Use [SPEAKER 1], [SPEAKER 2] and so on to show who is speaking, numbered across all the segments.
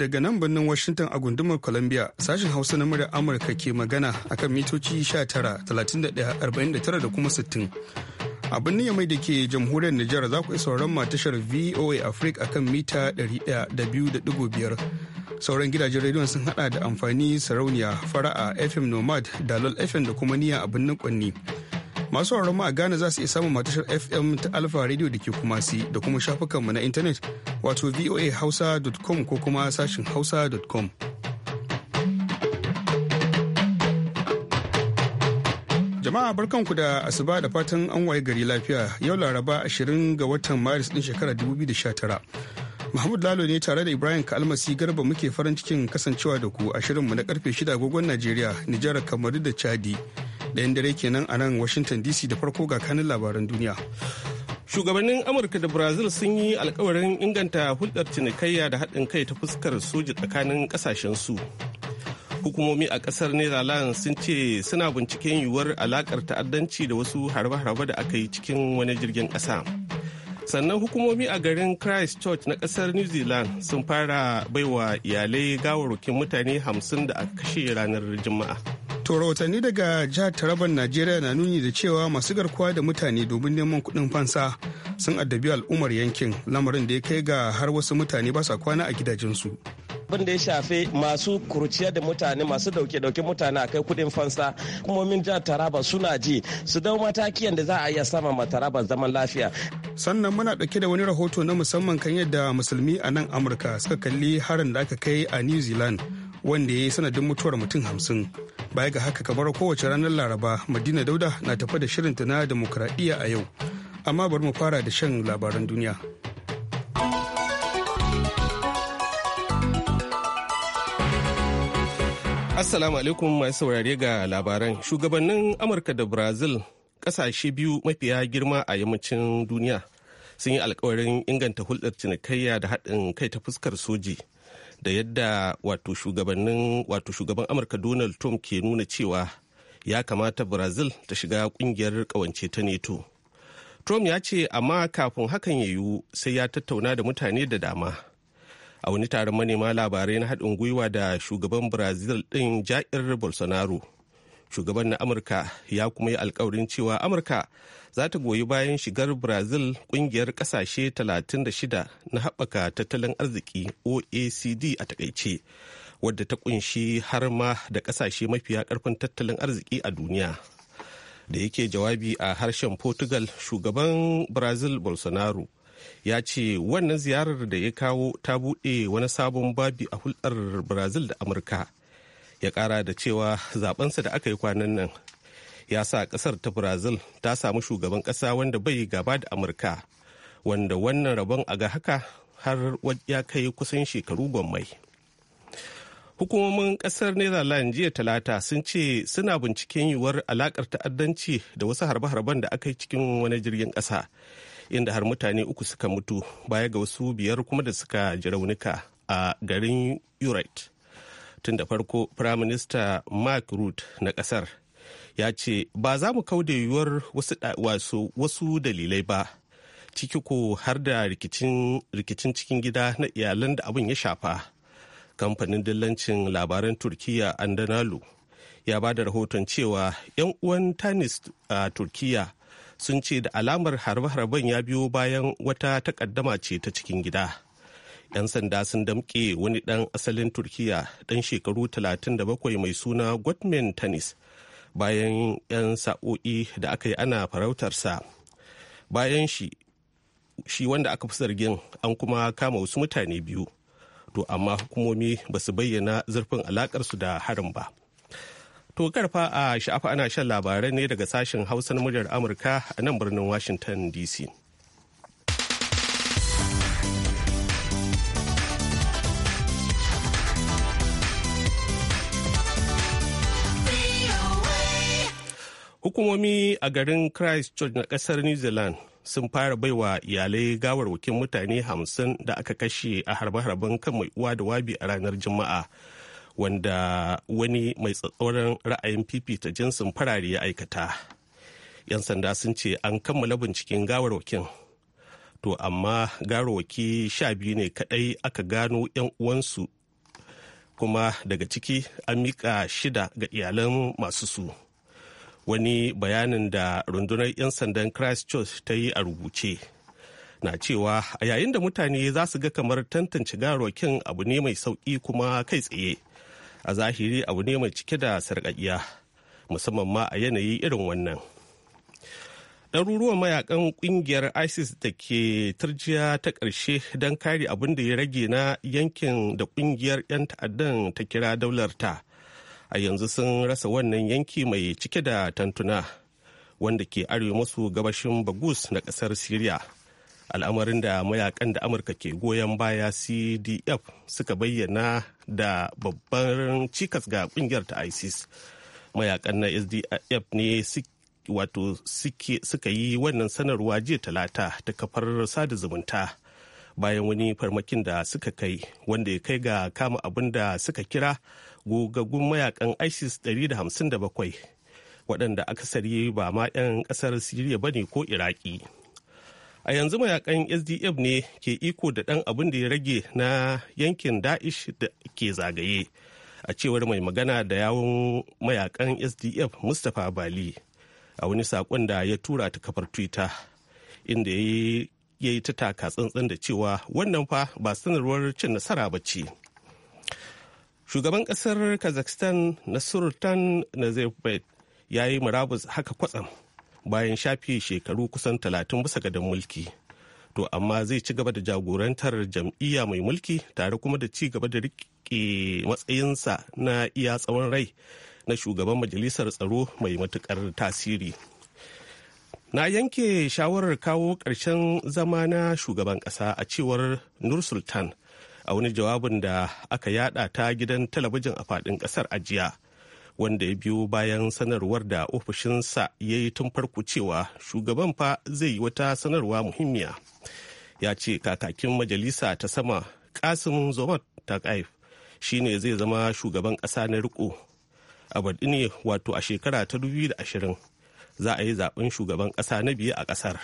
[SPEAKER 1] daga nan birnin Washington a gundumar Columbia sashen Hausa na murya Amurka ke magana akan mitoci 19, 31, da kuma 60. A birnin Yamai da ke jamhuriyar Nijar za ku sauran tashar VOA Africa akan mita 102.5. Sauran gidajen rediyon sun hada da amfani sarauniya fara'a FM Nomad, Dalol FM da kuma niyya a birnin Kwanni. masu sauraron mu a Ghana za su iya samun matashar FM ta Alpha Radio da ke kuma si da kuma shafukanmu na intanet wato voahausa.com ko kuma sashin hausa.com. Jama'a barkanku da asuba da fatan an waye gari lafiya yau laraba 20 ga watan Maris din shekarar 2019. Mahmud Lalo ne tare da Ibrahim Kalmasi Garba muke farin cikin kasancewa da ku a shirinmu na karfe shida agogon Najeriya, Nijar, Kamaru da Chadi. Ɗayan dare kenan a nan Washington DC da farko ga kanin labaran duniya. Shugabannin Amurka da Brazil sun yi
[SPEAKER 2] alkawarin inganta hulɗar cinikayya da haɗin kai ta fuskar soji tsakanin ƙasashen su. Hukumomi a ƙasar Netherlands sun ce suna binciken yiwuwar alaƙar ta'addanci da wasu harbe-harbe da aka yi cikin wani jirgin ƙasa. sannan hukumomi a garin christchurch na ƙasar new zealand sun fara baiwa iyalai gawarwakin mutane hamsin da aka kashe ranar juma'a
[SPEAKER 1] To rahotanni daga jihar Taraban Najeriya na nuni da cewa masu garkuwa da mutane domin neman kuɗin fansa sun addabi al'ummar yankin lamarin da ya kai ga har wasu mutane ba sa kwana a gidajensu.
[SPEAKER 3] abin da ya shafe masu kurciya da mutane masu dauke dauke mutane a kai kudin fansa min jihar taraba suna ji su
[SPEAKER 1] dau matakiyan da za a iya sama ma taraba zaman lafiya sannan muna dauke da wani rahoto na musamman kan yadda musulmi a nan amurka suka kalli harin da aka kai a new zealand wanda ya yi sanadin mutuwar mutum hamsin baya ga haka kamar kowace ranar laraba madina dauda na tafa da shirinta na demokuraɗiyya a yau amma bari mu fara da shan labaran duniya
[SPEAKER 2] assalamu alaikum masu saurare ga labaran shugabannin amurka da brazil kasashe biyu mafiya girma a yammacin duniya sun yi alkawarin inganta hulɗar cinikayya da haɗin kai ta fuskar soji da yadda wato shugabannin wato shugaban amurka donald trump ke nuna cewa ya kamata brazil ta shiga kungiyar kawance ta neto trump ya ce amma kafin hakan ya yiwu sai ya tattauna da mutane da dama a wani taron manema labarai na haɗin gwiwa da shugaban brazil ɗin jair bolsonaro shugaban na amurka ya kuma yi alkawarin cewa amurka za ta goyi bayan shigar brazil kungiyar kasashe 36 na haɓaka tattalin arziki oacd a takaice wadda ta kunshi har ma da kasashe mafiya karfin tattalin arziki a duniya da yake jawabi a harshen portugal shugaban brazil bolsonaro ya ce wannan ziyarar da ya kawo ta buɗe wani sabon babi a hulɗar brazil da amurka ya kara da cewa zabensa da aka yi kwanan nan ya sa kasar ta brazil ta samu shugaban kasa wanda bai gaba da amurka wanda wannan rabon a ga haka har ya kai kusan shekaru gwammai hukumomin kasar netherlands jiya talata sun ce suna binciken yiwuwar alakar ta'addanci da wasu harbe-harben da aka yi cikin wani jirgin kasa inda har mutane uku suka mutu baya ga wasu biyar kuma da suka ji raunuka a garin urite. tun da farko firaminista mark root na kasar ya ce ba za mu kauda yiwuwar wasu dalilai ba ciki ko har da rikicin cikin gida na iyalan da abin ya shafa kamfanin dillancin labaran turkiya andanalu ya ba da rahoton cewa 'yan uwan tanis a turkiya sun ce da alamar harbe-harben ya biyo bayan wata takaddama ce ta cikin gida. 'yan sanda sun damƙe wani ɗan asalin turkiya ɗan shekaru 37 mai suna Godman tanis bayan 'yan sa'o'i da aka yi ana farautarsa bayan shi shi wanda aka fi zargin an kuma kama wasu mutane biyu to amma hukumomi ba su bayyana zurfin alakarsu da harin ba to karfa a sha'afa ana shan labarai ne daga sashen hausa muryar amurka a nan birnin washington dc Hukumomi a garin Christchurch na ƙasar New Zealand sun fara baiwa iyalai gawar gawarwakin mutane hamsin da aka kashe a harbe-harben kan mai uwa da wabi a ranar Juma'a. wanda wani mai tsatsauran ra'ayin fifita jinsin farare ya aikata. 'Yan sanda sun ce an kammala binciken gawar gawarwakin. To amma gawarwaki sha biyu ne kadai aka gano 'yan uwansu kuma daga ciki an mika shida ga iyalan masu su. wani bayanin da rundunar 'yan sandan christchurch ta yi a rubuce na cewa a yayin da mutane za su ga kamar tantance garokin abu ne mai sauƙi kuma kai tsaye a zahiri abu ne mai cike da sarƙaƙiya musamman ma a yanayi irin wannan ɗaruruwan mayakan ƙungiyar isis da ke turjiya ta ƙarshe don kare abin da ya rage na yankin da ƙungiyar 'yan ta'addan ta kira daular ta a yanzu sun rasa wannan yanki mai cike da tantuna wanda ke arewa masu gabashin bagus na kasar syria al'amarin da mayakan da amurka ke goyon baya cdf suka bayyana da babban cikas ga kungiyar ta isis mayakan na sdf ne wato suka yi wannan sanarwa jiya talata ta kafar sada zumunta bayan wani farmakin da suka kai wanda ya kai ga kama abin da suka kira gogaggun mayakan isis 157 waɗanda aka sari ba ma 'yan ƙasar siriya ba ne ko iraki a yanzu mayakan sdf ne ke iko da ɗan abin da ya rage na yankin da'ish da ke zagaye a cewar mai magana da yawon mayakan sdf mustapha bali a wani saƙon da ya tura ta kafar twitter inda ya yi ta taka tsantsan da cewa wannan fa ba sanarwar cin nasara ba ce shugaban kasar kazakhstan na nasurtan nazarbayev ya yi murabus haka kwatsam bayan shafe shekaru kusan talatin bisa gadon mulki to amma zai ci gaba da jagorantar jam'iyya mai mulki tare kuma da ci gaba da riƙe matsayinsa na iya tsawon rai na shugaban majalisar tsaro mai matukar tasiri na yanke shawarar kawo ƙarshen zama na shugaban ƙasa a cewar nur sultan a wani jawabin da aka yada ta gidan talabijin a faɗin ƙasar a jiya wanda ya biyo bayan sanarwar da ofishinsa ya yi tun farko cewa shugaban fa zai yi wata sanarwa muhimmiya ya ce kakakin majalisa ta sama kasim kaif shi shine zai zama shugaban ƙasa na riko a ne wato a shekara ta 2020 za a yi zaben shugaban ƙasa na biyu a ƙasar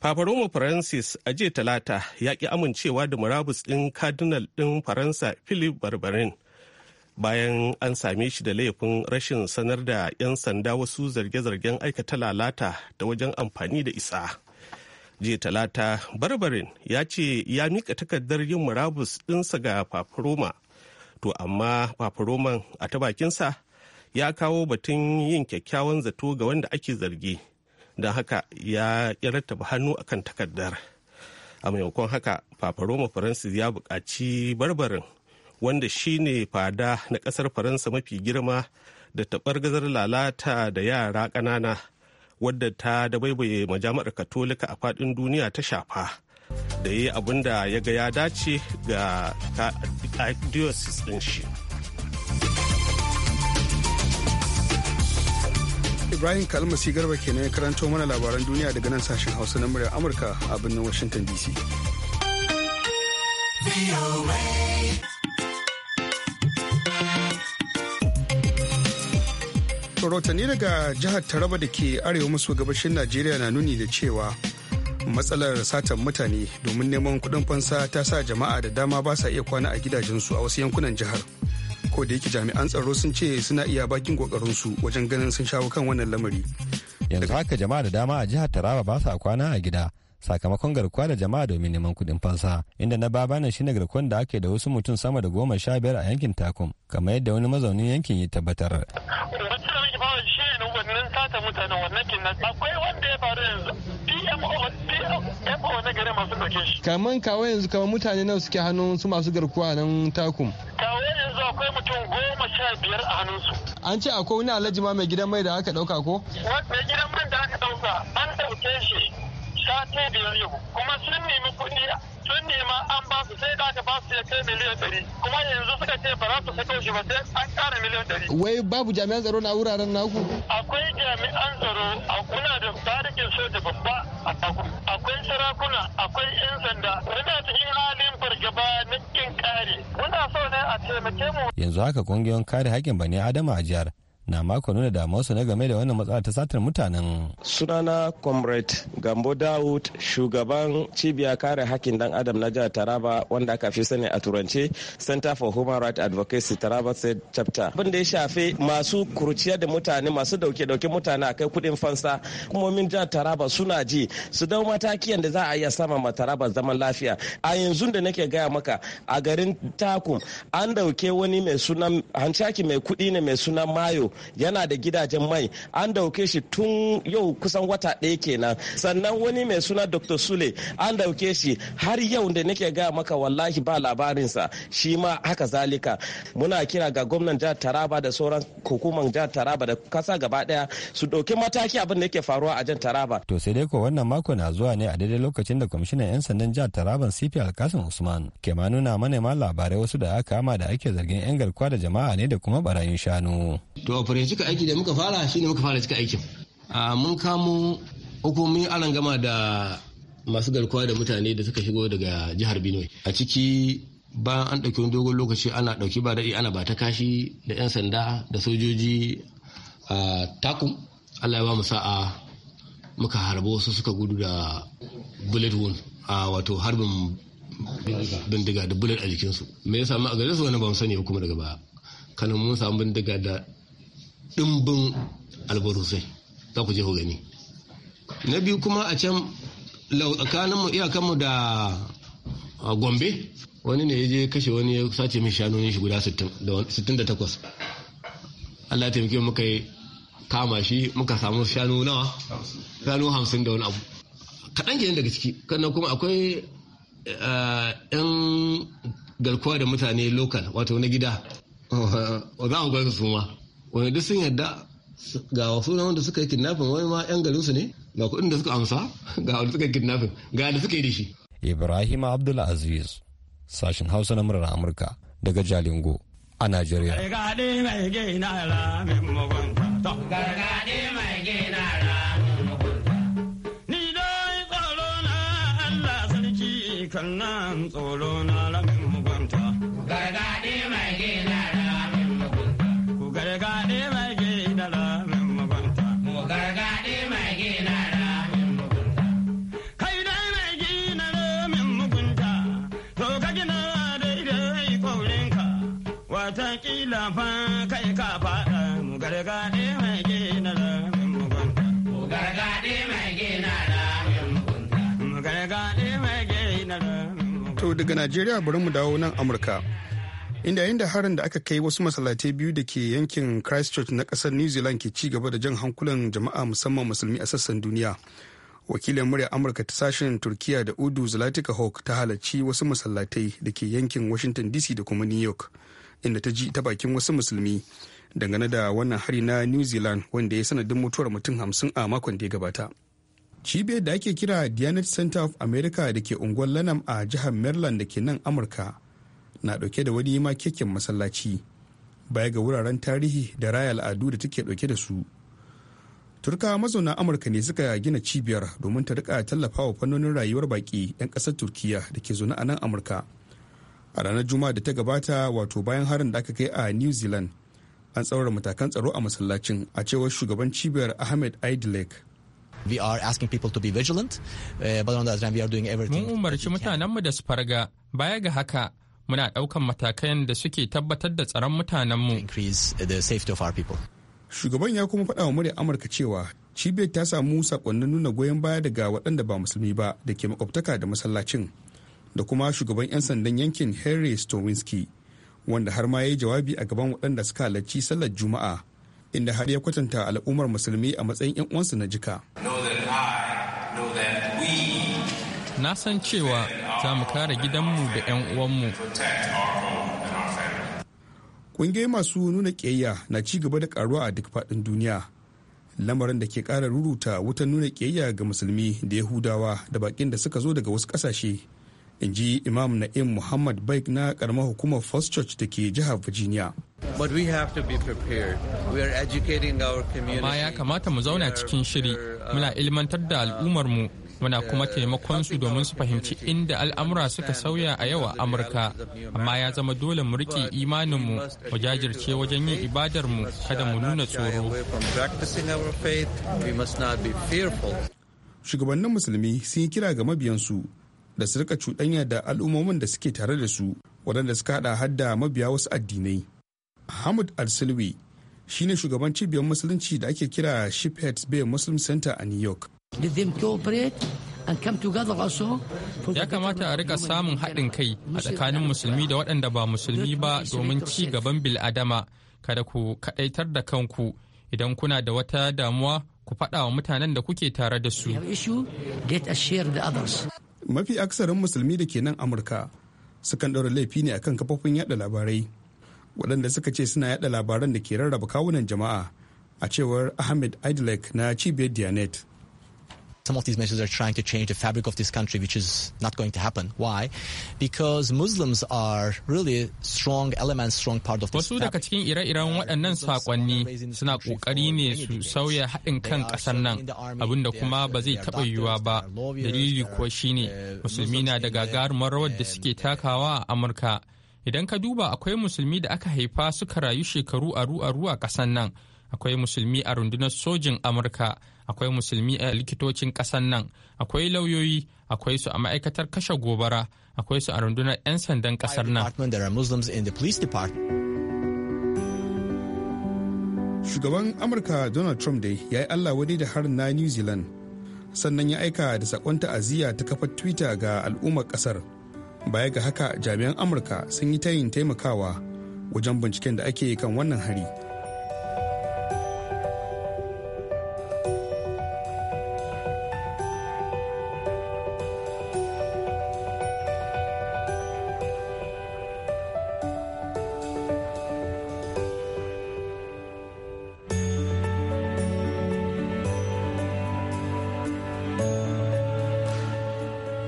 [SPEAKER 2] Papa Roma Francis a jiya talata ya ƙi amincewa da murabus ɗin kadinal ɗin Faransa Philip Barbarin bayan an same shi da laifin rashin sanar da 'yan sanda wasu zarge-zargen aikata lalata da wajen amfani da isa. jiya talata barbarin ya ce ya mika takardar yin murabus ɗinsa ga fafaroma to amma fafaroman a ta bakinsa ya kawo batun yin kyakkyawan zato ga wanda ake zargi don haka ya rattaba hannu akan takardar a maimakon haka fafaroma francis ya buƙaci barbarin wanda shine fada na ƙasar faransa mafi girma da taɓar gazar lalata da yara ƙanana wadda ta dabaibaye majami'ar katolika a faɗin duniya ta shafa da yi abin da ya ga ya dace ga diocese ɗin shi.
[SPEAKER 1] Ibrahim Kalmasi Garba kenan ya karanto mana labaran duniya daga nan sashen Hausa na muryar Amurka a birnin Washington DC. rahotanni daga jihar taraba da ke arewa maso gabashin najeriya na nuni da cewa matsalar satar mutane domin neman kudin fansa ta sa jama'a da dama ba sa iya kwana a gidajensu a wasu yankunan jihar. ko da yake jami'an tsaro sun ce suna iya bakin kokarinsu wajen ganin sun shawo kan wannan lamari
[SPEAKER 4] yanzu haka jama'a da dama a jihar taraba ba sa kwana a gida sakamakon garkuwa da jama'a domin neman kuɗin fansa inda na baba na shine garkuwan da ake da wasu mutum sama da goma sha biyar a yankin takum kamar yadda wani mazaunin yankin ya tabbatar
[SPEAKER 3] akwai na garin masu ɗauke shi.
[SPEAKER 4] Kaman kawo yanzu kaman mutane nawa suke hannun su masu garkuwa nan takum.
[SPEAKER 3] Kawo yanzu akwai mutum goma sha biyar a hannunsu.
[SPEAKER 4] An ce akwai wani alhaji ma mai gidan mai da aka ɗauka ko?
[SPEAKER 3] Mai gidan mai da aka ɗauka an ɗauke shi sha biyar yau kuma sun nemi kuɗi sun nema an ba su sai da aka ba su ya kai miliyan ɗari kuma yanzu suka ce ba za su sako shi ba sai an ƙara miliyan ɗari. wai
[SPEAKER 4] babu jami'an tsaro na wuraren naku. akwai jami'an tsaro a kuna da tarikin soja
[SPEAKER 3] babba a taku akwai sarakuna akwai yan sanda muna cikin halin fargaba na kin kare muna so ne a taimake mu.
[SPEAKER 4] yanzu haka kungiyoyin kare haƙƙin bani adama a jihar na mako nuna damuwarsu na game da wannan matsala ta satar
[SPEAKER 3] mutanen. Sunana Comrade Gambo Dawud shugaban cibiyar kare hakkin dan adam na jihar Taraba wanda aka fi sani a turance Center for Human Rights Advocacy Taraba State Chapter. Abin da ya shafi masu kurciya da mutane masu dauke-dauke mutane a kai kudin fansa hukumomin jihar Taraba suna ji su dau matakiyan da za a iya sama ma Taraba zaman lafiya. A yanzu da nake gaya maka a garin Takum an dauke wani mai sunan hancaki mai kudi ne mai sunan Mayo yana da gidajen mai an dauke shi tun yau kusan wata ɗaya kenan sannan wani mai suna dr sule an dauke shi har yau da nake gaya maka wallahi ba labarinsa shi ma haka zalika muna kira ga gwamnan jihar taraba da sauran hukumar jihar taraba da kasa gaba daya su ɗauki mataki abin da yake faruwa a jihar taraba
[SPEAKER 4] to sai dai ko wannan mako na zuwa ne a daidai lokacin da kwamishinan yan sandan jihar taraban cp alkasim usman ke ma nuna manema labarai wasu da aka kama da ake zargin yan garkuwa da jama'a ne da kuma barayin shanu
[SPEAKER 5] to kafin cika aiki da muka fara shine muka fara cika aikin mun kamo hukumin gama da masu garkuwa da mutane da suka shigo daga jihar benue a ciki bayan an ɗauki wani dogon lokaci ana ɗauki ba daɗi ana ba ta kashi da 'yan sanda da sojoji a takum allah ya ba mu sa'a muka harbo wasu suka gudu da bullet wound a wato harbin bindiga da bullet a jikinsu me ya samu a gare su wani ba mu sani hukuma daga baya kanin mun samu bindiga da ɗimbin albarusai za ku je ku gani na biyu kuma a can iya iyakanmu da gombe wani ne ya je kashe wani ya sace mai shanonin shi guda 68 Allah ya taimake muka yi kama shi muka samu shanu nawa shanu hamsin da wani abu kaɗan kenan daga ciki kanna kuma akwai yan garkuwa da mutane lokal wato na gida za mu gwada su ma wanda duk sun yadda ga wasu na wanda suka yi kidnafin wani ma 'yan garinsu ne ga kuɗin da suka amsa ga wanda suka yi kidnafin ga da suka yi da shi.
[SPEAKER 4] Ibrahim Abdulaziz sashen Hausa na murar Amurka daga Jalingo a
[SPEAKER 3] Najeriya. Gargaɗi mai gina Gargaɗi mai gina Ni kan nan tsoro na lamin mugunta. Gargaɗi mai gina ra. gargaɗe mai gina ramin mugunta. Kai dai mai gina ramin mugunta, to ka gina daidai kaurinka, watakila fa kai ka faɗa mu gargaɗe mai gina ramin Mu gargaɗe mai gina ramin mugunta. To daga
[SPEAKER 1] Najeriya bari mu dawo nan Amurka. inda yayin da harin da aka kai wasu masallatai biyu da ke yankin christchurch na kasar new zealand ke ci gaba da jan hankulan jama'a musamman musulmi a sassan duniya wakilin murya amurka ta sashen turkiya da udu zalatika hawk ta halarci wasu masallatai da ke yankin washington dc da kuma new york inda ta ji ta bakin wasu musulmi dangane da wannan hari na new zealand wanda ya sanadin mutuwar mutum hamsin a makon da ya gabata cibiyar da ake kira dianet center of america da ke unguwar lanam a jihar maryland da ke nan amurka na dauke da wani ma makekin masallaci baya ga wuraren tarihi da raya al'adu da take dauke da su turkawa mazauna amurka ne suka gina cibiyar domin ta rika tallafa wa fannonin rayuwar baki 'yan ƙasar turkiya da ke zaune a nan amurka a ranar juma'a da ta gabata wato bayan harin da aka kai a new zealand an tsaurara matakan tsaro a masallacin a cewar shugaban cibiyar ahmed
[SPEAKER 6] idlek We are asking to be vigilant, uh, but on Mun umarci mutanenmu da su farga, baya ga haka muna ɗaukan matakan da suke tabbatar da tsaron mutanen mutanenmu.
[SPEAKER 1] Shugaban ya kuma faɗa wa muryar Amurka cewa cibiyar ta samu sakonnin nuna goyon baya daga waɗanda ba musulmi ba da ke makwabtaka da masallacin da kuma shugaban 'yan sandan yankin Henry Stowinski wanda har ma ya yi jawabi a gaban waɗanda suka halarci sallar Juma'a inda har ya kwatanta al'ummar musulmi a matsayin 'yan
[SPEAKER 6] uwansu na jika. Na san cewa za mu kare gidanmu da 'yan uwanmu.
[SPEAKER 1] Ƙungiyoyi masu nuna ƙiyayya na ci gaba da karuwa a duk faɗin duniya. Lamarin da ke ƙara ruruta wutan nuna ƙiyayya ga musulmi da Yahudawa da baƙin da suka zo daga wasu ƙasashe. In ji Imam Na'im Muhammad Baik na karamar hukumar First Church da ke jihar Virginia.
[SPEAKER 6] Amma ya kamata mu zauna cikin shiri. Muna ilmantar da al'ummarmu muna kuma taimakon su domin su fahimci inda al'amura suka sauya a yau a amurka amma ya zama dole mu rike imaninmu mu jajirce wajen yin ibadar mu kada mu nuna tsoro
[SPEAKER 1] shugabannin musulmi sun yi kira ga mabiyansu da su rika cuɗanya da al'ummomin da suke tare da su waɗanda suka haɗa hadda mabiya wasu addinai hamid al-silwi shine shugaban cibiyar musulunci da ake kira shipheads bay muslim center a new york that
[SPEAKER 6] Ya kamata a rika samun haɗin kai a tsakanin musulmi da waɗanda ba musulmi ba domin ci gaban bil'adama kada ku kaɗaitar da kanku idan kuna da wata damuwa ku faɗa wa mutanen da kuke tare da su.
[SPEAKER 1] Mafi aksarin musulmi da ke nan Amurka sukan ɗaura laifi ne akan kafofin yaɗa labarai waɗanda suka ce suna yaɗa labaran da ke rarraba kawunan jama'a a cewar Ahmed idlek na cibiyar
[SPEAKER 5] Dianet. Some of these measures are trying to change the fabric of this country, which is not going to happen. Why? Because Muslims are really strong elements, strong part of this. Wasu daga
[SPEAKER 6] cikin ire waɗannan sakonni suna ƙoƙari ne su sauya haɗin kan ƙasar nan, abin da kuma ba zai taɓa yiwuwa ba. Dalili kuwa shine musulmi na da gagarumar rawar da suke takawa a Amurka. Idan ka duba akwai musulmi da aka haifa suka rayu shekaru aru-aru a ƙasar nan. akwai musulmi a rundunar sojin amurka akwai musulmi a likitocin ƙasar nan akwai lauyoyi akwai su a ma'aikatar kashe gobara akwai su a rundunar 'yan sandan kasar nan
[SPEAKER 1] shugaban amurka donald trump dai ya yi allah wadai da harin na new zealand sannan ya aika da sakon ta'aziyya ta kafar twitter ga al'ummar kasar baya ga haka jami'an amurka sun yi tayin taimakawa wajen binciken da ake kan wannan hari.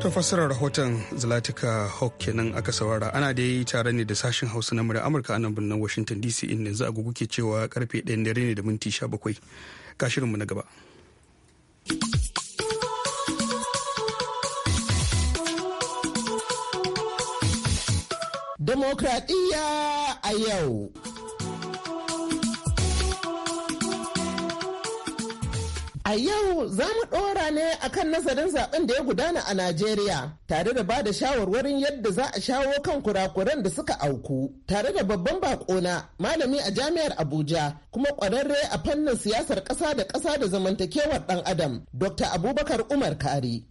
[SPEAKER 1] ta fassara rahoton zalatika hawk kenan aka saurara ana da yi tare ne da sashen hausa na murya amurka anan birnin washington dc inda yanzu agugu ke cewa karfe 1 dare ne da minti 17 kashirinmu na gaba
[SPEAKER 7] Demokradiyya a yau. A yau za mu ɗora ne a kan nazarin zaben da ya gudana a Najeriya tare da ba da shawarwarin yadda za a shawo kan kurakuran da suka auku tare da babban bakona malami a jami'ar Abuja kuma ƙwararre a fannin siyasar ƙasa da ƙasa da zamantakewar ɗan adam Dr. Abubakar Umar Kari.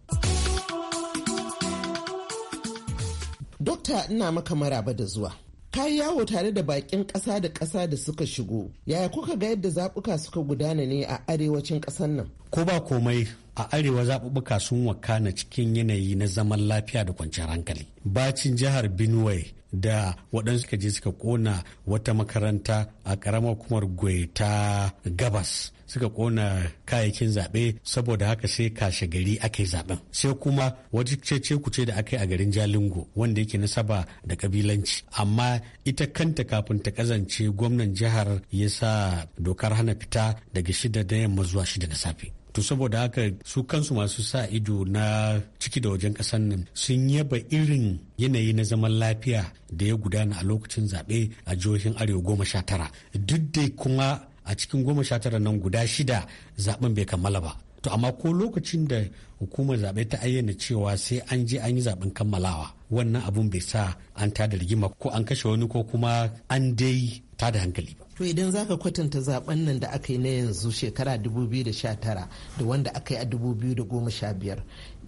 [SPEAKER 7] Dokta ina maka maraba da zuwa. Ka yi yawo tare da bakin ƙasa da ƙasa da suka shigo yaya kuka ga yadda zaɓuka suka gudana ne a arewacin ƙasar nan
[SPEAKER 8] ko ba komai a arewa zaɓuɓɓuka sun wakana cikin yanayi na zaman lafiya da kwanciyar hankali bacin jihar benue da waɗansu suka je suka ƙona wata makaranta a ƙaramar kumar ta gabas suka ƙona kayayyakin zaɓe saboda haka sai kashe gari aka zaɓen sai kuma wata cece kuce da aka yi a garin jalingo wanda yake nasaba da kabilanci amma ita kanta kafin ta kazance gwamnan jihar ya sa dokar hana fita daga shida da yamma zuwa shida na safe to saboda haka su kansu masu sa ido na ciki da wajen ƙasar nan sun yaba irin yanayi na zaman lafiya da ya gudana a lokacin zaɓe a jihohin arewa goma sha tara duk da kuma a cikin goma sha tara nan guda shida zaɓen bai kammala ba to amma ko lokacin da hukumar zaɓe ta ayyana cewa sai an je an yi zaɓen kammalawa wannan abun bai sa an tada rigima ko an kashe wani ko kuma an dai tada hankali ba
[SPEAKER 7] to idan za ka kwatanta zaben nan da aka yi na yanzu shekara 2019 da wanda aka yi a 2015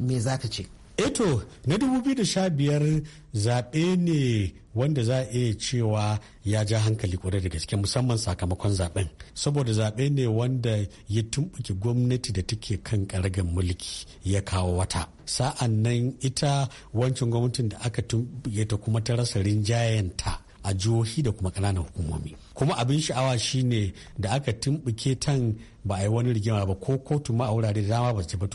[SPEAKER 7] me za ka ce eto eh na
[SPEAKER 8] 2015 zaɓe ne wanda za a iya cewa ya ja hankali kwarai da gaske musamman sakamakon zaben saboda zaɓe ne wanda ya tumɓuke gwamnati da take kan ƙargan mulki ya kawo wata sa'an nan ita wancan gwamnatin da aka tumɓuke ta kuma ta rasa rinjayenta a jihohi da kuma ƙananan hukumomi kuma abin sha'awa shine da aka tumbuke tan ba a yi wani rigima ba ko kotu ma a wurare da dama ba su ba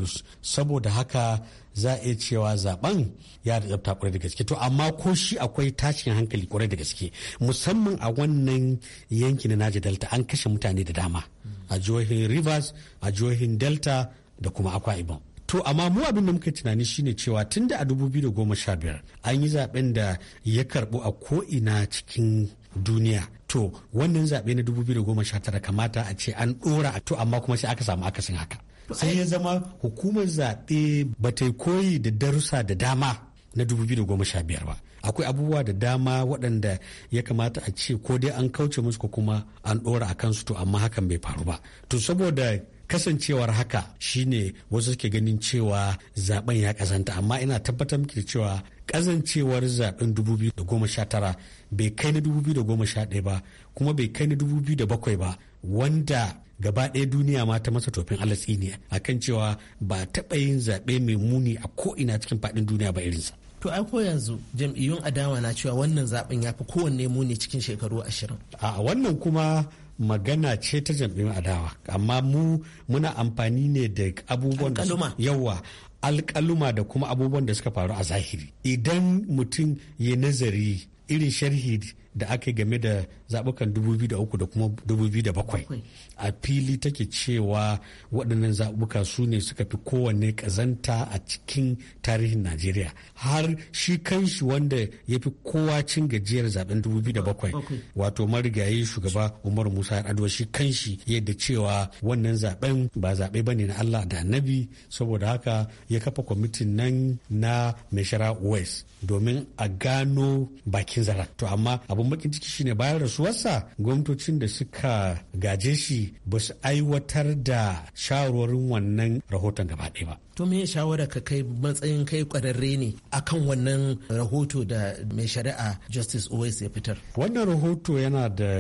[SPEAKER 8] saboda haka za a iya cewa zaben ya da tsafta kwarai da gaske to amma ko shi akwai tashin hankali kwarai da gaske musamman a wannan yanki na naja delta an kashe mutane da dama a jihohin rivers a jihohin delta da kuma akwa ibom To amma mu abin da muka tunani shine cewa tun da a biyar an yi zaben da ya karbu a ko ina cikin duniya to wannan zaɓe na 2019 kamata a ce an ɗora to amma kuma sai aka samu akasin haka sai ya zama hukumar zaɓe ba ta koyi da darussa da dama na 2015 ba akwai abubuwa da dama waɗanda ya kamata a ce ko dai an kauce musu ko kuma an ɗora a kansu to amma hakan bai faru ba to saboda kasancewar haka shine wasu suke ganin cewa zaben ya kazanta amma ina tabbatar miki cewa kazancewar zaben 2019 bai kai na 2011 ba kuma bai kai na 2007 ba wanda gaba ɗaya duniya ma ta masa tofin alatsi ne akan cewa ba taɓa yin zaɓe mai muni a ko'ina cikin faɗin duniya ba irinsa.
[SPEAKER 7] To ai ko yanzu jam'iyyun adawa na cewa wannan zaɓen ya fi kowanne muni cikin shekaru ashirin.
[SPEAKER 8] A wannan kuma magana ce ta jam'iyyar adawa amma mu muna amfani ne da abubuwan da yawa alkaluma da kuma abubuwan da suka faru a zahiri idan mutum ya nazari irin sharhi da aka game da zaɓukan 2003 da kuma 2007 a fili take cewa waɗannan zaɓuka su ne suka fi kowanne kazanta a cikin tarihin najeriya har shi kanshi wanda ya fi kowa cin gajiyar zaɓen 2007 wato marigayi shugaba umar musa adwa shi kanshi yadda cewa wannan zaɓen ba zaɓe ba ne na allah da annabi saboda haka ya kafa kwamitin nan na meshara west domin a gano bakin zara to amma abin bakin ciki shine bayan rasu kasuwarsa gwamnatocin da suka gaje shi ba su aiwatar da shawarwarin wannan rahoton gaba ɗaya ba
[SPEAKER 7] to me shawara ka kai matsayin kai kwararre ne akan wannan rahoto da mai shari'a justice owais ya fitar
[SPEAKER 8] wannan rahoto yana da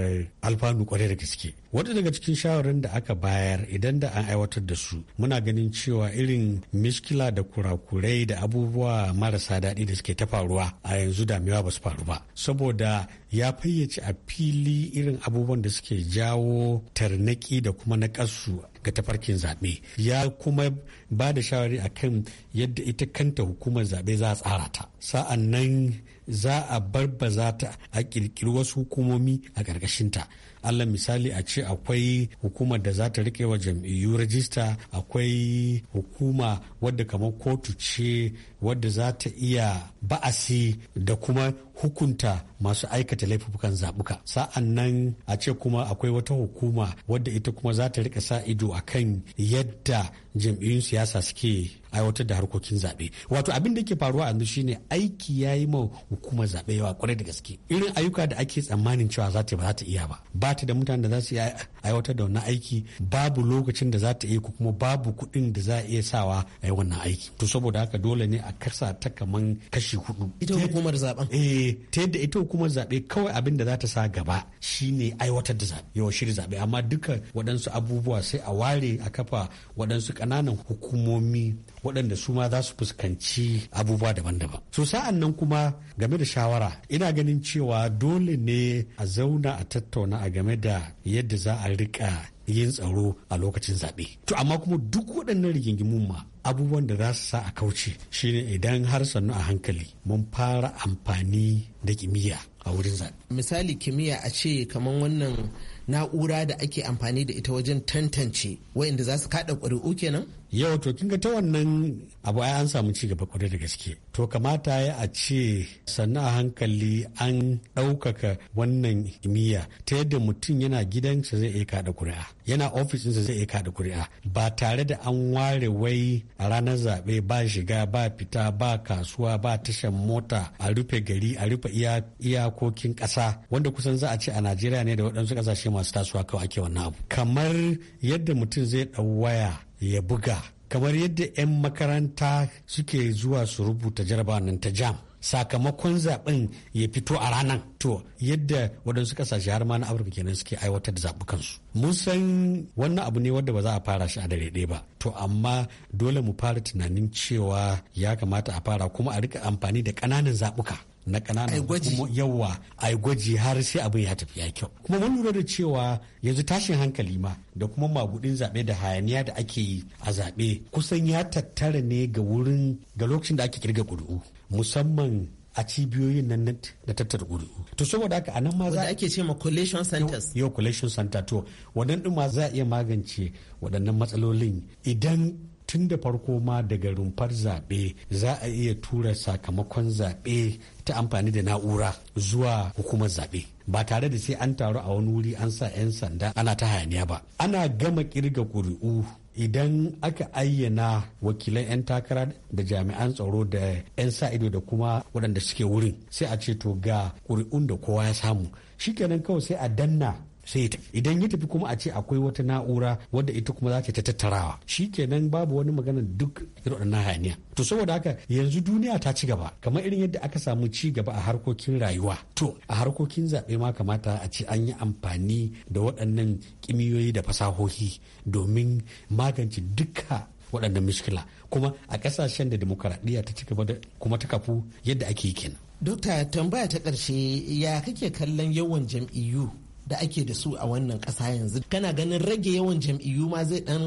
[SPEAKER 8] alfanu kwarai da gaske wata daga cikin shawarar da aka bayar idan da an aiwatar da su muna ganin cewa irin mishkila da kurakurai da abubuwa marasa daɗi da suke ta faruwa a yanzu damewa ba su faru ba saboda ya fayyace a fili irin abubuwan da suke jawo tarnaki da kuma naƙasu ga tafarkin zaɓe ya kuma ba da shawari a kan yadda ita kanta hukumar zaɓe za a tsara ta sa'an nan za a barbaza ta a ƙirƙiri wasu hukumomi a ƙarƙashinta allah misali a ce akwai hukumar da za ta riƙe wa jam'iyyu rajista akwai hukuma wadda kamar kotu ce wadda za ta iya ba'asi da kuma hukunta masu aikata laifukan zabuka sa'an nan a ce kuma akwai wata hukuma wadda ita kuma za ta rika sa ido a kan yadda jam'iyyun siyasa suke aiwatar da harkokin zaɓe wato abin da ke faruwa yanzu shine aiki ya yi ma hukumar zaɓe yawa kwarai da gaske irin ayyuka da ake tsammanin cewa za ta ba ta iya ba ba ta da mutanen da za su aiwatar da wannan aiki babu lokacin da za ta iya ko kuma babu kuɗin da za a iya sawa a yi wannan aiki to saboda haka dole ne a kasa ta kaman kashi hudu ita hukumar zaben eh ta yadda ita hukumar zaɓe kawai abin da za ta sa gaba shine aiwatar da zaɓe yawan shirya zaɓe amma duka waɗansu abubuwa sai a ware a kafa waɗansu ƙananan hukumomi waɗanda su ma za su fuskanci abubuwa daban-daban. So sa'an nan kuma game da shawara ina ganin cewa dole ne a zauna a tattauna a game da yadda za a riƙa yin tsaro a lokacin zaɓe. To amma kuma duk waɗannan rigingimun ma abubuwan da za su sa a kauce shine idan har sannu a hankali mun fara amfani da kimiyya a wurin zaɓe.
[SPEAKER 7] Misali kimiyya a ce kamar wannan na'ura da ake amfani da ita wajen tantance wayanda za su kaɗa ƙuri'u kenan? yau to kinga ta wannan abu ai an samu ci gaba kwarai da gaske to kamata ya a
[SPEAKER 8] ce sannan a hankali an ɗaukaka wannan kimiyya ta yadda mutum yana gidansa zai iya kada kuri'a yana ofisinsa zai iya kada kuri'a ba tare da an ware wai a ranar zaɓe ba shiga ba fita ba kasuwa ba tashan mota a rufe gari a rufe iyakokin ƙasa wanda kusan za a ce a najeriya ne da waɗansu ƙasashe masu tasuwa kawai ake wannan abu kamar yadda mutum zai ɗau waya ya buga kamar yadda 'yan makaranta suke zuwa su rubuta jaraba nan ta jam sakamakon zaben ya fito a ranar to yadda waɗansu ƙasashe har ma na afirka kenan suke aiwatar da zaɓukansu mun san wannan abu ne wanda ba za a fara shi a dare ɗaya ba to amma dole mu fara tunanin cewa ya kamata a fara kuma a rika amfani da ƙananan zaɓuka na ƙananan kuma yawa a yi gwaji har sai abin ya tafi ya kyau kuma mun lura da cewa yanzu tashin hankali ma da kuma magudin zaɓe da hayaniya da ake yi a zaɓe kusan ya tattara ne ga wurin ga lokacin da ake kirga kuri'u musamman a cibiyoyin nan da tattara ƙuri'u to saboda haka anan ma za ake ce ma collation centers yo collation center to wannan ma za a iya magance waɗannan matsalolin idan tun da farko ma daga rumfar zaɓe za a iya tura sakamakon zaɓe ta amfani da na'ura zuwa hukumar zaɓe ba tare da sai an taru a wani wuri an sa 'yan sanda ana ta hayaniya ba ana gama kirga ƙuri'u idan aka ayyana wakilan 'yan takara da jami'an tsaro da 'yan sa ido da kuma waɗanda suke wurin sai a ce to ga ƙuri'un da kowa ya samu shi shikenan kawai sai a danna sai ya idan ya tafi kuma a ce akwai wata na'ura wadda ita kuma za ta tattarawa shi kenan babu wani magana duk irin waɗannan hayaniya to saboda haka yanzu duniya ta ci gaba kamar irin yadda aka samu ci gaba a harkokin rayuwa to a harkokin zaɓe ma kamata a ce an yi amfani da waɗannan kimiyoyi da fasahohi domin magance duka waɗannan mishkila kuma a ƙasashen da demokaradiyya ta ci gaba da kuma ta kafu yadda ake yi kenan.
[SPEAKER 7] Dokta tambaya ta ƙarshe ya kake kallon yawan jam'iyyu da ake da su a wannan kasa yanzu kana ganin rage yawan jam'iyyu ma zai ɗan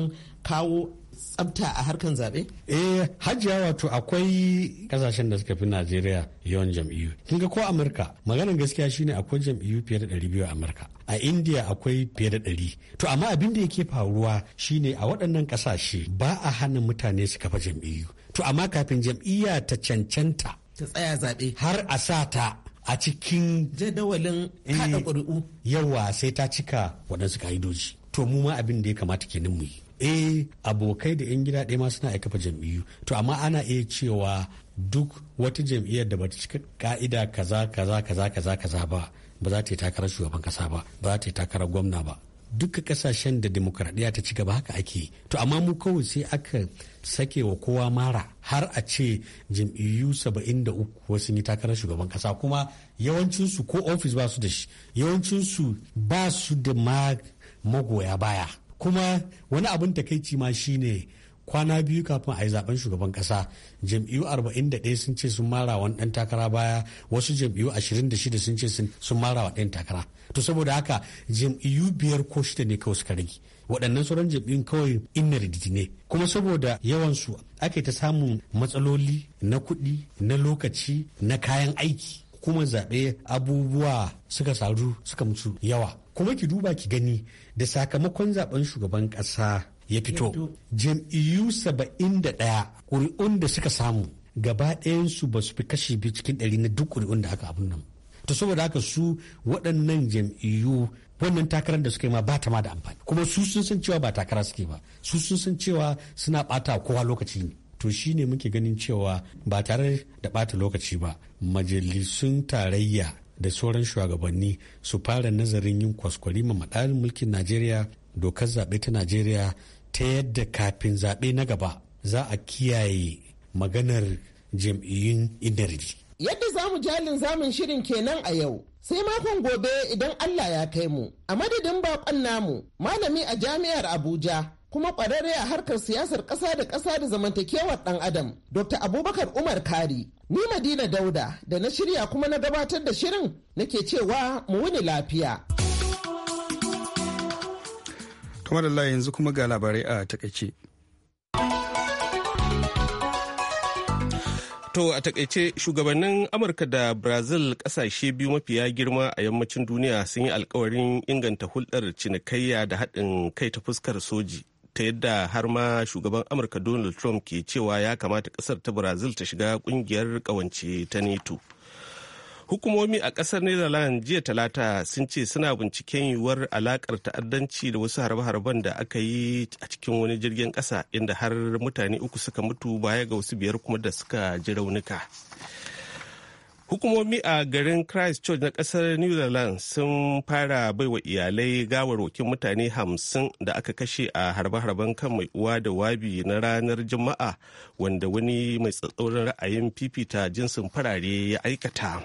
[SPEAKER 7] kawo tsabta a harkan zaɓe?
[SPEAKER 8] Eh, hajiya wato akwai kasashen da suka fi Najeriya yawan jam'iyyu. Kin ga ko Amurka, maganar gaskiya shine akwai jam'iyyu fiye da ɗari biyu a Amurka. A India akwai fiye da ɗari. To amma abin da yake faruwa shine a waɗannan kasashe. ba a hana mutane su kafa jam'iyyu. To amma kafin jam'iyya ta cancanta ta tsaya zaɓe har a sa ta a cikin jadawalin eh, kada ƙuri'u yawa sai ta cika waɗansu ka'idoji to mu ma abin da ya kamata kenan mu yi eh abokai da 'yan gida ɗaya ma suna aikafa jam'iyyu to amma ana iya cewa duk wata jam'iyyar da bata cika ka'ida kaza kaza kaza kaza kaza ba ba za ta yi takarar shugaban kasa ba ba za ta yi takarar gwamna ba duka kasashen da demokradiyya ta ci gaba haka ake to amma mu kawai sai aka sake wa kowa mara har a ce jam'iyyu uku wasu yi takarar shugaban kasa kuma yawancinsu ko ofis ba su da shi yawancinsu ba su da magoya baya kuma wani abin takaici ma shine kwana biyu kafin a yi zaben shugaban kasa jam'iyyu 41 sun ce sun mara wani dan takara baya wasu jam'iyyu 26 sun ce sun mara wa dan takara to saboda haka jam'iyyu biyar ko shida ne kawai suka rage waɗannan sauran jam'iyyun kawai inna ne kuma saboda yawan su ake ta samun matsaloli na kuɗi na lokaci na kayan aiki kuma zaɓe abubuwa suka saru suka mutu yawa kuma ki duba ki gani da sakamakon zaben shugaban ƙasa ya fito jam'iyyu saba'in da ɗaya ƙuri'un da suka samu gaba ɗayansu ba su fi kashi biyu cikin ɗari na duk ƙuri'un da aka abin nan ta saboda haka su waɗannan jam'iyyu wannan takarar da suka yi ma ba ta ma da amfani kuma su sun san cewa ba takara suke ba su sun san cewa suna ɓata kowa lokaci ne to shi ne muke ganin cewa ba tare da ɓata lokaci ba majalisun tarayya da sauran shugabanni su fara nazarin yin kwaskwari ma maɗarin mulkin najeriya dokar zaɓe ta najeriya ta yadda kafin zaɓe na gaba za a kiyaye maganar jam'iyyun inarji
[SPEAKER 7] yadda za mu jalin zamun shirin kenan a yau sai makon gobe idan allah ya kai mu a madadin baƙon namu malami a jami'ar abuja kuma kwararre a harkar siyasar ƙasa da ƙasa da zamantakewar ɗan adam dr abubakar umar kari ni madina dauda da na shirya kuma na gabatar da shirin nake cewa mu wuni lafiya.
[SPEAKER 1] kamar Allah yanzu kuma ga labarai a takaice. To a takaice shugabannin
[SPEAKER 2] Amurka da Brazil kasashe biyu mafiya girma a yammacin duniya sun yi alkawarin inganta hulɗar cinikayya da haɗin kai ta fuskar soji ta yadda har ma shugaban Amurka Donald Trump ke cewa ya kamata ƙasar ta Brazil ta shiga ƙungiyar ƙawance ta NATO. hukumomi a kasar netherlands jiya talata sun ce suna binciken yiwuwar alakar ta'addanci da wasu harbe-harben da aka yi a cikin wani jirgin kasa inda har mutane uku suka mutu baya ga wasu biyar kuma da suka ji raunuka hukumomi a garin christchurch na kasar new zealand sun fara baiwa iyalai gawarwakin mutane hamsin da aka kashe a harbe-harben kan mai uwa da wabi na ranar juma'a wanda wani mai tsatsauran ra'ayin fifita jinsin farare ya aikata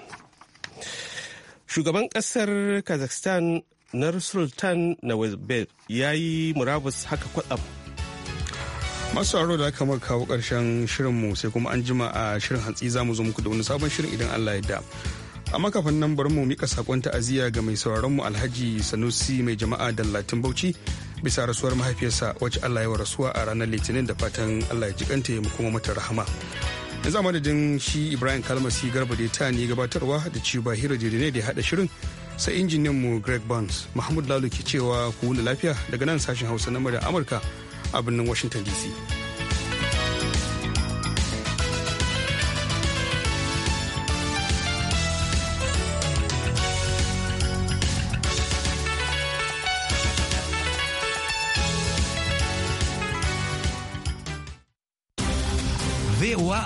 [SPEAKER 2] Shugaban kasar Kazakhstan na
[SPEAKER 1] Nazarbayev ya yi murabus haka kwatsam. Masu aro da aka maka kawo ƙarshen shirinmu sai kuma an jima a shirin hantsi za mu zo muku da wani sabon shirin idan Allah ya da. A makafin nan bari mu mika sakon ta'aziyya ga mai sauraron mu Alhaji Sanusi mai jama'a da Dallatin Bauchi bisa rasuwar mahaifiyarsa wacce Allah ya wa rasuwa a ranar Litinin da fatan Allah ya jikanta ya mu kuma mata rahama. ya zama madadin shi ibrahim kalmasi garba da ta ne gabatarwa da ci hira hiro ne da haɗa shirin sai injiniyan mu greg burns mahmud lalu ke cewa ku wuni lafiya daga nan sashen hausa na amurka a birnin washington dc